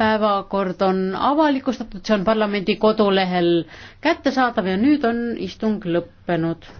päevakord on avalikustatud, see on parlamendi kodulehel kättesaadav ja nüüd on istung lõppenud